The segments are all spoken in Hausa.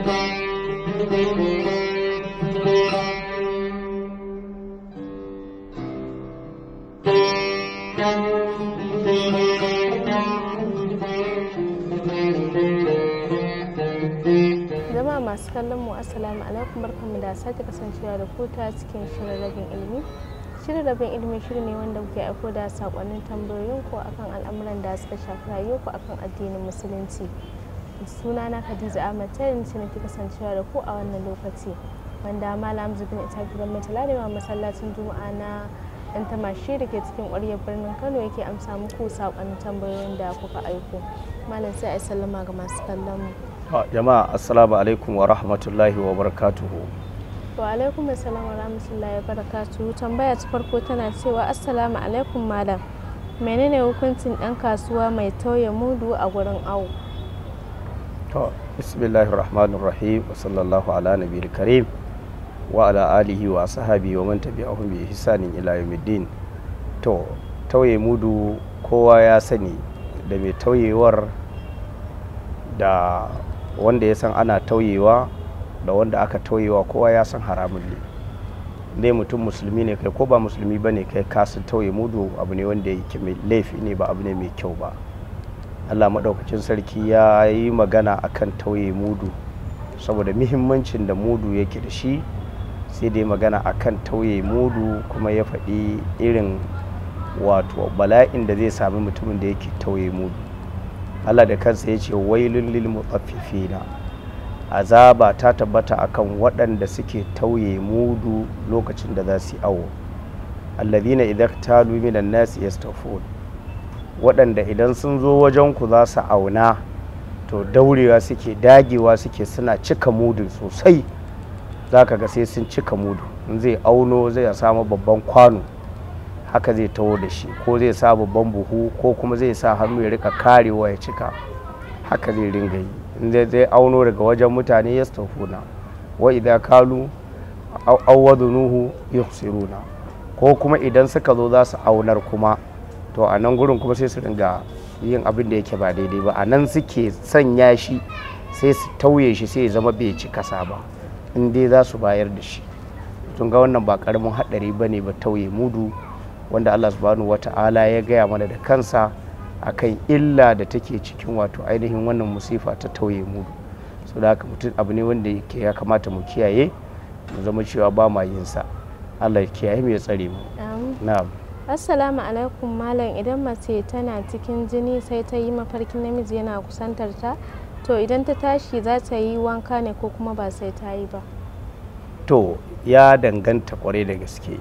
jama'a masu kallon mu assalamu alaikum barkanmu da sake kasancewa da ku cikin shirin rabin ilimi shirin rabin ilimi shiri ne wanda kuke aiko da sakonnin tambayoyinku akan al'amuran da suka shafi rayuwarku akan addinin musulunci suna sunana Khadija Ahmad ta yanci nake kasancewa da ku a wannan lokaci wanda Malam Zubin ita gidan mai talalewa masallacin Juma'a na ɗan tamashi da ke cikin ƙwaryar birnin Kano yake amsa muku saƙon tambayoyin da kuka aiko. Malam sai a sallama ga masu kallon mu. Jama'a assalamu alaikum wa rahmatullahi wa barakatuhu. Wa alaikum assalam wa rahmatullahi wa barakatuhu. Tambaya ta farko tana cewa assalamu alaikum malam. Menene hukuncin ɗan kasuwa mai tauye mudu a gurin awo? to bismillahir rahmanir rahim wa sallallahu ala nabiyil karim wa ala alihi wa sahabi wa man tabi'ahum bi ihsanin ila yawmiddin to tauye mudu kowa ya sani da mai tauyewar da wanda ya san ana tauyewa da wanda aka tauyewa kowa ya san haramun ne ne mutum musulmi ne kai ko ba musulmi bane kai ka san tauye mudu abu ne wanda ya laifi ne ba abu ne mai kyau ba allah maɗaukacin sarki ya yi magana akan tauye mudu saboda muhimmancin da mudu yake da shi sai dai magana akan tauye mudu kuma ya faɗi irin wato bala'in da zai sami mutumin da yake tauye mudu allah da kansa ya ce wailun lil mutaffifina azaba ta tabbata akan waɗanda suke tauye mudu lokacin da za su yi awo allazina idza talu minan nasi yastafun waɗanda idan sun zo wajen ku za su auna to daurewa suke dagewa suke suna cika mudu sosai za ka ga sai sun cika mudu in zai auno zai samu babban kwano haka zai taho da shi ko zai sa babban buhu ko kuma zai sa hannu ya rika karewa ya cika haka zai ringa yi in zai auno daga wajen mutane ya stafuna wa idan kalu awwadunuhu ko kuma idan suka zo za su aunar kuma to a nan gurin kuma sai su ringa yin abin da yake ba daidai ba a nan suke sanya shi sai su tauye shi sai ya zama bai ci kasa ba in dai za su bayar da shi tun ga wannan ba karamin haɗari ba ne ba tauye mudu wanda allah subhanahu wata'ala ya gaya mana da kansa akan illa da take cikin wato ainihin wannan musifa ta tauye mudu so da haka mutum abu ne wanda ya kamata mu kiyaye mu zama cewa ba ma yin sa allah ya kiyaye mu ya tsare mu na'am Assalamu alaikum malam idan mace tana cikin jini sai ta yi mafarkin namiji yana kusantar ta to idan ta tashi za ta yi wanka ne ko kuma ba sai ta yi ba. To ya danganta kwarai da gaske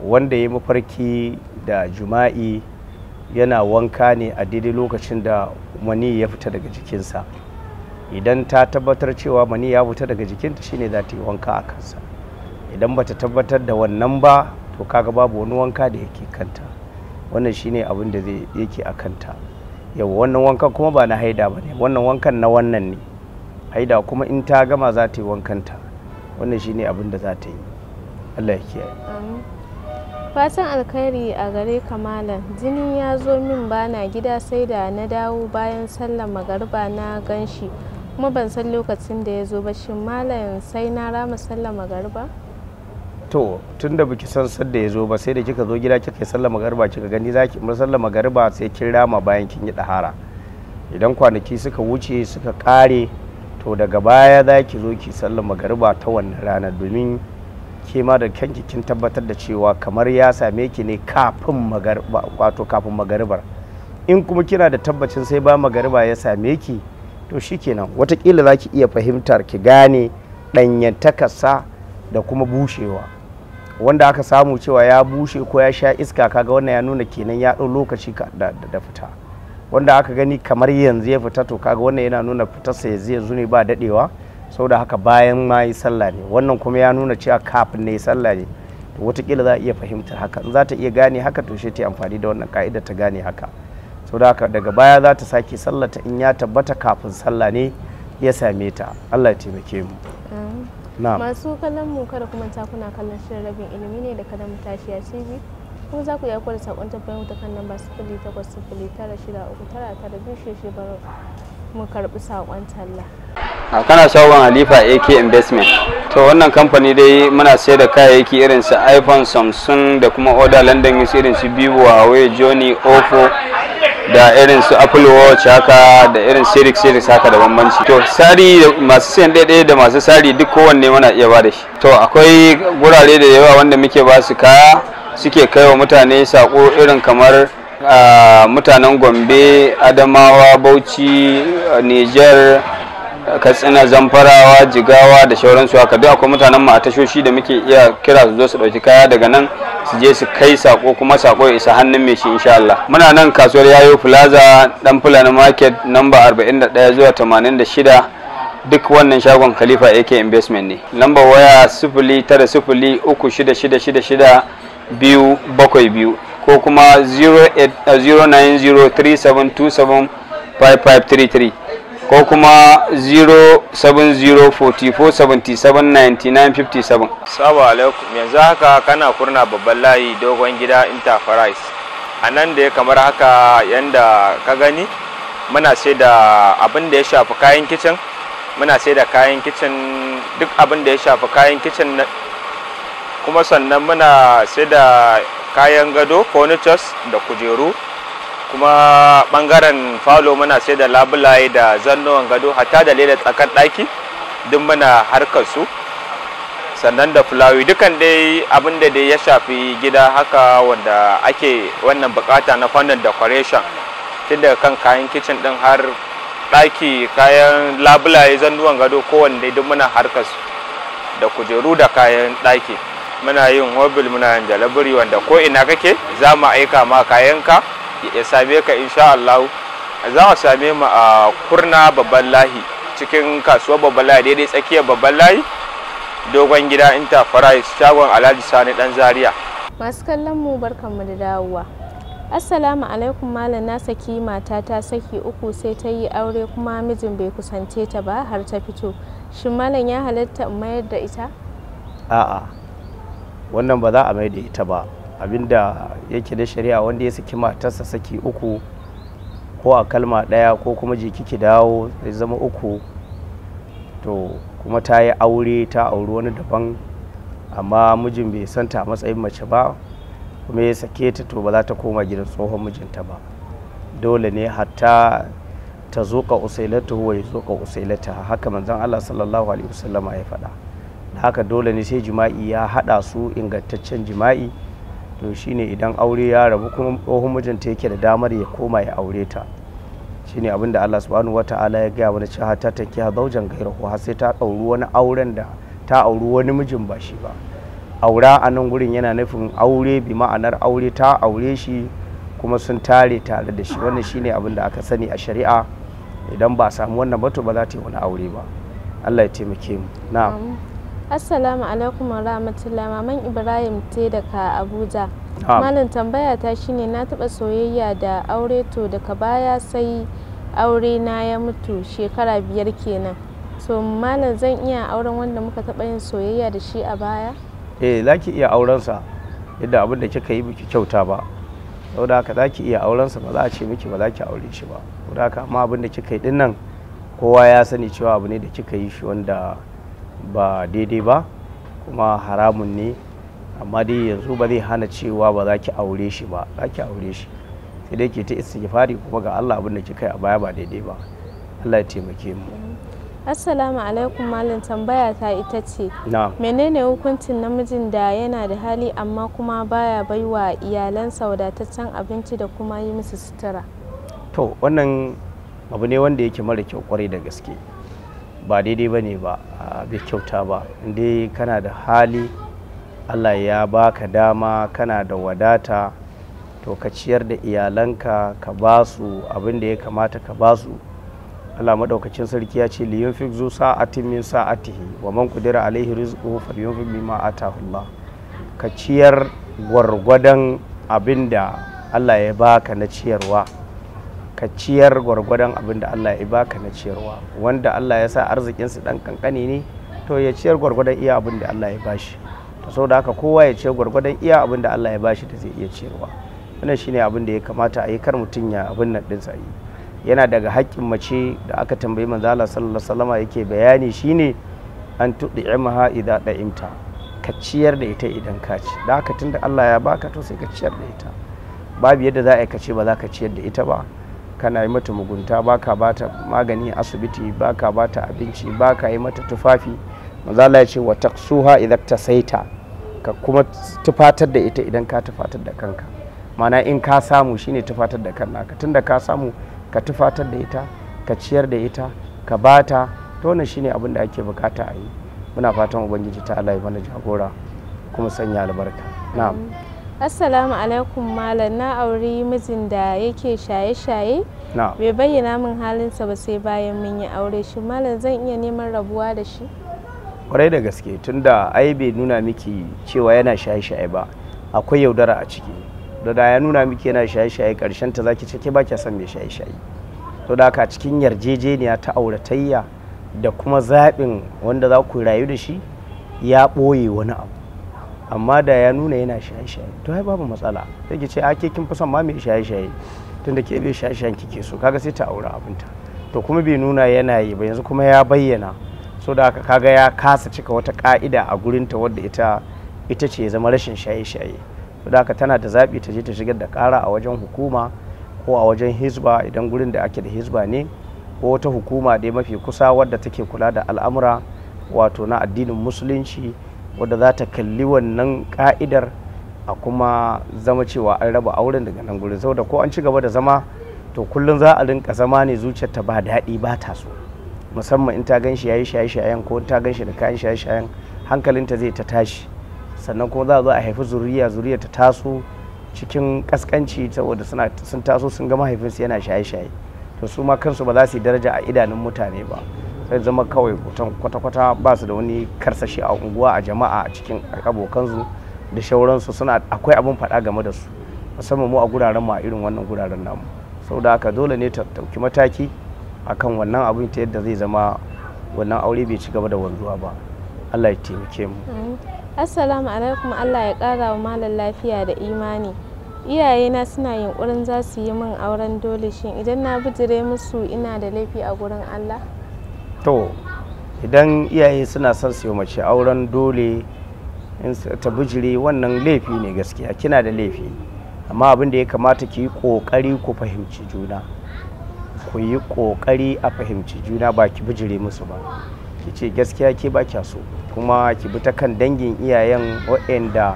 wanda ya mafarki da juma'i yana wanka ne a daidai lokacin da mani ya fita daga jikinsa idan ta tabbatar cewa mani ya fita daga jikinta shine za ta yi wanka a kansa idan bata tabbatar da wannan ba to kaga babu wani wanka da yake kanta wannan shine abin da yake a kanta yau wannan wankan kuma ba na haida ba ne wannan wankan na wannan ne haida kuma in ta gama za ta yi wankan wannan shine abin da za ta yi allah ya kiyaye fatan alkhairi a gare kamalan jini ya zo min bana gida sai da na dawo bayan sallar magariba na ganshi kuma ban san lokacin da ya zo ba shin malam sai na rama sallar magariba to tun da biki san sadda ya zo ba sai da kika zo gida kika yi sallar magariba kika gani za ki sallama magariba sai kin rama bayan kin yi dahara idan kwanaki suka wuce suka kare to daga baya za ki zo ki sallama magariba ta wannan rana domin ke ma da kanki kin tabbatar da cewa kamar ya same ki ne kafin magariba wato kafin magaribar in kuma kina da tabbacin sai ba magariba ya same ki to shikenan watakila za ki iya fahimtar ki gane takasa da kuma bushewa wanda aka samu cewa ya bushe ko ya sha iska kaga wannan ya nuna kenan ya ɗau lokaci da fita wanda aka gani kamar yanzu ya fita to kaga wannan yana nuna fitarsa yanzu yanzu ne ba daɗewa saboda haka bayan ma yi sallah ne wannan kuma ya nuna cewa kafin ne sallah ne to watakila za a iya fahimtar haka in za ta iya gane haka to shi ta amfani da wannan ka'ida ta gane haka saboda haka daga baya za ta sake sallata in ya tabbata kafin sallah ne ya same ta allah ya taimake mu masu kallon mu kada kuma ta kuna kallon shirin rabin ilimi ne da kadan a tv kuma za ku iya kwada sakon mu ta kan namba sifili takwas sifili tara shida uku tara tara biyu shi shi bar mu karɓi sakon talla. a kana shagon halifa ak investment to wannan kamfani dai muna sayar da kayayyaki irin su iphone samsung da kuma order london irin su bivo huawei joni oppo da irin su apple watch haka da irin series series haka da bambanci to sari masu sayan ɗaya da masu sari duk kowanne muna iya ba da shi to akwai gurare da yawa wanda muke ba su kaya suke kai wa mutane sako irin kamar mutanen gombe adamawa bauchi niger katsina zamfarawa jigawa da shauransu haka duk akwai mutanen mu a tashoshi da muke iya kira su zo su ɗauki kaya daga nan su je su kai sako kuma sako ya isa hannun mai shi insha Allah muna nan kasuwar yayo plaza dan fulani market namba 41 zuwa 86 duk wannan shagon khalifa ak investment ne lambar waya 090366666 biyu bakwai biyu ko kuma 09037275533 ko kuma 0704477957 Assalamu alaikum yanzu haka kana kurna babban layi dogon gida enterprise a nan da ya kamar haka yanda ka gani muna sai da abin da ya shafi kayan kicin muna sai da kayan kicin duk abin da ya shafi kayan kicin kuma sannan muna sai da kayan gado furnitures da kujeru kuma bangaren falo muna sai da labulaye da zannuwan gado hatta da lele tsakar ɗaki duk muna harkar su sannan da fulawi dukan dai abin da dai ya shafi gida haka wanda ake wannan bukata na fannin decoration tun daga kan kayan kicin din har ɗaki kayan labulaye zannuwan gado kowanne duk muna harkar su da kujeru da kayan ɗaki muna yin hobil muna yin jalabiri wanda ko ina kake za mu aika ma kayanka ya same ka insha Allah za a same mu a kurna babban lahi cikin kasuwar babban lahi daidai tsakiyar babban layi dogon gida enterprise shagon alhaji sani dan zaria masu kallon mu barkan mu da dawowa assalamu alaikum malam na saki mata ta saki uku sai ta yi aure kuma mijin bai kusance ta ba har ta fito shin malam ya halatta in mayar da ita a'a wannan ba za a mai da ita ba abinda yake da shari'a wanda ya saki matarsa saki uku ko a kalma ɗaya ko kuma jiki ki dawo zai zama uku to kuma ta yi aure ta auri wani daban amma mijin bai santa matsayin mace ba kuma ya sake ta to ba za ta koma gidan tsohon mijinta ba dole ne hatta ta zoƙa usailata wa ya zoka usailata haka manzon Allah sallallahu alaihi wasallama ya faɗa haka dole ne sai jima'i ya haɗa su ingantaccen jima'i to shine idan aure ya rabu kuma tsohon mijinta yake da damar ya koma ya aure ta shine abin da Allah subhanahu wata'ala ya gaya wani cewa ta take ha zaujan gairahu har sai ta auri wani auren da ta auri wani mijin ba shi ba aura a nan gurin yana nufin aure bi ma'anar aure ta aure shi kuma sun tare tare da shi wannan shine abin da aka sani a shari'a idan ba a samu wannan ba to ba za ta yi wani aure ba Allah ya taimake mu na'am Assalamu alaikum rahmatullah Maman Ibrahim te daga Abuja. Ah. Malam tambaya ta shine na taba soyayya da aure to daga baya sai aure na ya mutu shekara biyar kenan. So malam zan iya auren wanda muka taba yin soyayya da shi a baya? Eh za ki iya aurensa yadda abin da kika yi biki kyauta ba. Saboda haka za ki iya aurensa ba za a ce miki ba za ki aure shi ba. Saboda haka amma abin da kika yi dinnan kowa ya sani cewa abu ne da kika yi shi wanda ba daidai ba kuma haramun ne amma dai yanzu ba zai hana cewa ba za ki aure shi ba za ki aure shi sai dai ke ta istighfari kuma ga Allah abin da ke kai a baya ba daidai ba Allah ya taimake mu Assalamu alaikum malam tambaya ta ita ce menene hukuncin namijin da yana da hali amma kuma baya baiwa iyalansa wadataccen abinci da kuma yi musu sutura to wannan abu ne wanda yake mara kyau kwarai da gaske ba daidai ba ne ba bai kyauta ba inda kana da hali allah ya baka dama kana da wadata to ka ciyar da iyalanka ka ba su da ya kamata ka ba su allah maɗaukacin sarki ya ce liyun fi zu sa'atin min sa'atihi wa man kudira alaihi rizqu falyunfiq mimma atahu allah ka ciyar gwargwadon abin da allah ya baka na ciyarwa ka ciyar gwargwadon abin da Allah ya baka na ciyarwa wanda Allah ya sa arzikin arzikinsu dan kankani ne to ya ciyar gwargwadon iya abin Allah ya bashi to saboda haka kowa ya ciyar gwargwadon iya abin da Allah ya bashi da zai iya ciyarwa wannan shine abin da ya kamata a yi kar mutum ya abin nan din yi yana daga haƙƙin mace da aka tambayi manzo Allah sallallahu alaihi wasallama yake bayani shine an tud'imaha idza da'imta ka ciyar da ita idan ka ci da haka tunda Allah ya baka to sai ka ciyar da ita babu yadda za a yi ka ce ba za ka ciyar da ita ba kana yi mata mugunta ba baka bata magani a asibiti ba baka bata abinci ba ka yi mata tufafi manzala ya ce wa taksuha idan ta saita ka kuma tufatar da ita idan ka tufatar da kanka mana in ka samu shine tufatar da kan tun tunda ka samu ka tufatar da ita ka ciyar da ita ka bata to wannan shine abin da ake bukata a yi muna fatan ubangiji ta Allah ya mana jagora kuma sanya albarka na'am assalamu alaikum malam na auri mijin da yake shaye-shaye bai bayyana min halinsa ba sai bayan mun yi aure shi malam zan iya neman rabuwa da shi kwarai da gaske tun da ai bai nuna miki cewa yana shaye-shaye ba akwai yaudara a ciki da da ya nuna miki yana shaye-shaye karshen ta zaki cike ba kya son mai shaye-shaye to da haka cikin yarjejeniya ta auratayya da kuma zaɓin wanda za ku rayu da shi ya ɓoye wani abu amma da ya nuna yana shaye-shaye to ai babu matsala sai ki ce a kin fi son ma mai shaye-shaye tunda ke bai shaye-shayen kike so kaga sai ta aure abinta to kuma bai nuna yana yi ba yanzu kuma ya bayyana so da haka kaga ya kasa cika wata ka'ida a gurinta wadda ita ita ce ya zama rashin shaye-shaye so da haka tana da zaɓi ta je ta shigar da kara a wajen hukuma ko a wajen hizba idan gurin da ake da hizba ne ko wata hukuma dai mafi kusa wadda take kula da al'amura wato na addinin musulunci wadda za ta kalli wannan ka'idar a kuma zama cewa an raba auren daga nan gurin saboda ko an ci gaba da zama to kullum za a rinka zama ne zuciyar ta ba daɗi ba ta so musamman in ta gan shi yayi shaye shayen ko ta gan shi da kayan shaye shayen hankalinta zai ta tashi sannan kuma za a zo a haifi zuriya zuriya ta taso cikin kaskanci saboda sun taso sun ga mahaifinsu yana shaye shaye to su ma kansu ba za su yi daraja a idanun mutane ba sai zama kawai kwata-kwata ba su da wani karsashi a unguwa a jama'a a cikin abokansu da shauransu suna akwai abin faɗa game da su musamman mu a guraren mu a irin wannan guraren namu sau da haka dole ne ta ɗauki mataki akan wannan abin ta yadda zai zama wannan aure bai ci gaba da wanzuwa ba Allah ya taimake mu Assalamu alaikum Allah ya ƙara wa malam lafiya da imani iyayena suna yunkurin za su yi min auren dole shin idan na bijire musu ina da laifi a gurin Allah to idan iyaye suna son su mace auren dole in ta bijire wannan laifi ne gaskiya kina da laifi amma abin da ya kamata ki yi ƙoƙari ku fahimci juna ku yi ƙoƙari a fahimci juna ba ki bijire musu ba ki ce gaskiya ke ba kya so kuma ki bi ta kan dangin iyayen waɗanda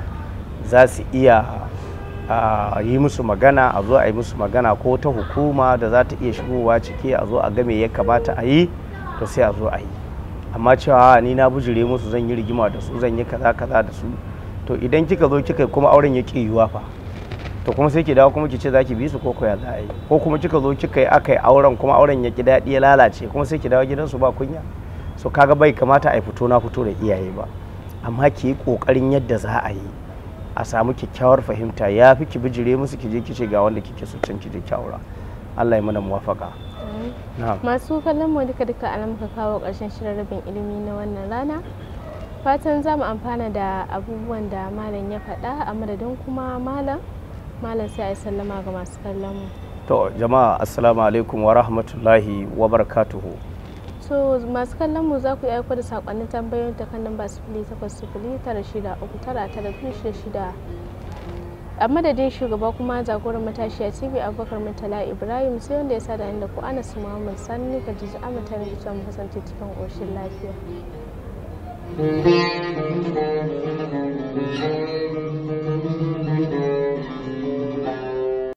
za su iya a yi musu magana a zo a yi musu magana ko ta hukuma da za ta iya shigowa ciki a zo a game ya kamata a yi to sai a zo a yi amma cewa ni na bujire musu zan yi rigima da su zan yi kaza kaza da su to idan kika zo kika kuma auren ya yiwuwa fa to kuma sai ki dawo kuma ki ce zaki bi su ko koya za a yi ko kuma kika zo kika yi aka yi auren kuma auren ya ki daɗi ya lalace kuma sai ki dawo gidansu ba kunya so kaga bai kamata a yi fito na fito da iyaye ba amma ki yi ƙoƙarin yadda za a yi a samu kyakkyawar fahimta ya fi ki bijire musu ki je ki ce ga wanda kike so can ki je ki aura Allah ya mana muwafaka masu kallon mu duka duka a muka kawo ƙarshen shirin rabin ilimi na wannan rana fatan za mu amfana da abubuwan da malam ya faɗa a madadin kuma malam malam sai a sallama ga masu kallon mu to jama'a assalamu alaikum wa rahmatullahi wa barakatuhu so masu kallon mu za ku yi aiko da sakonnin tambayoyin ta kan namba sifili takwas sifili tara shida uku tara tara shida shida a madadin shugaba kuma jagoran matashi a cibi abubakar murtala ibrahim sai wanda ya sa da ku anas muhammad sani ka jiji amata ne kusa mu kasance cikin ƙoshin lafiya